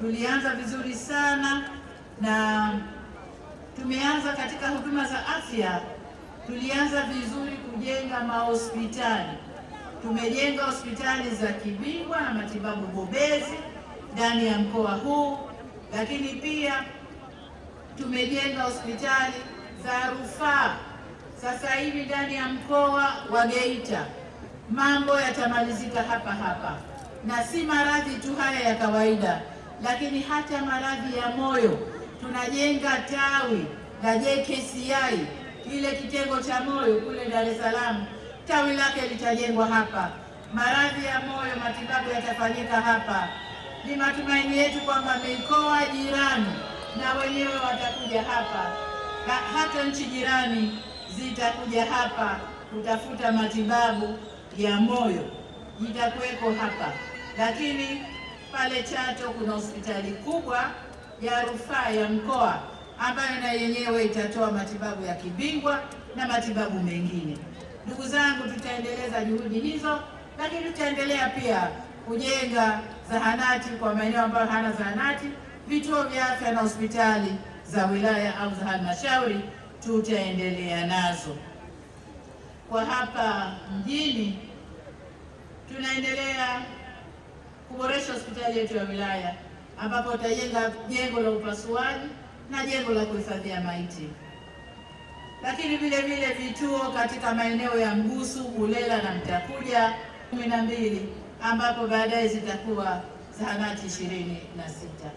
Tulianza vizuri sana na tumeanza katika huduma za afya, tulianza vizuri kujenga mahospitali. Tumejenga hospitali za kibingwa na matibabu bobezi ndani ya mkoa huu, lakini pia tumejenga hospitali za rufaa. Sasa hivi ndani ya mkoa wa Geita mambo yatamalizika hapa hapa, na si maradhi tu haya ya kawaida lakini hata maradhi ya moyo. Tunajenga tawi la JKCI, kile kitengo cha moyo kule Dar es Salaam, tawi lake litajengwa hapa. Maradhi ya moyo, matibabu yatafanyika hapa. Ni matumaini yetu kwamba mikoa jirani na wenyewe watakuja hapa, hata nchi jirani zitakuja hapa kutafuta matibabu ya moyo, itakuweko hapa lakini pale Chato kuna hospitali kubwa ya rufaa ya mkoa ambayo na yenyewe itatoa matibabu ya kibingwa na matibabu mengine. Ndugu zangu, tutaendeleza juhudi hizo, lakini tutaendelea pia kujenga zahanati kwa maeneo ambayo hana zahanati, vituo vya afya na hospitali za wilaya au za halmashauri tutaendelea nazo. Kwa hapa mjini tunaendelea kuboresha hospitali yetu ya wilaya ambapo tutajenga jengo la upasuaji na jengo la kuhifadhia maiti, lakini vile vile vituo katika maeneo ya Mgusu, Bulela na Mtakuja kumi na mbili ambapo baadaye zitakuwa zahanati ishirini na sita.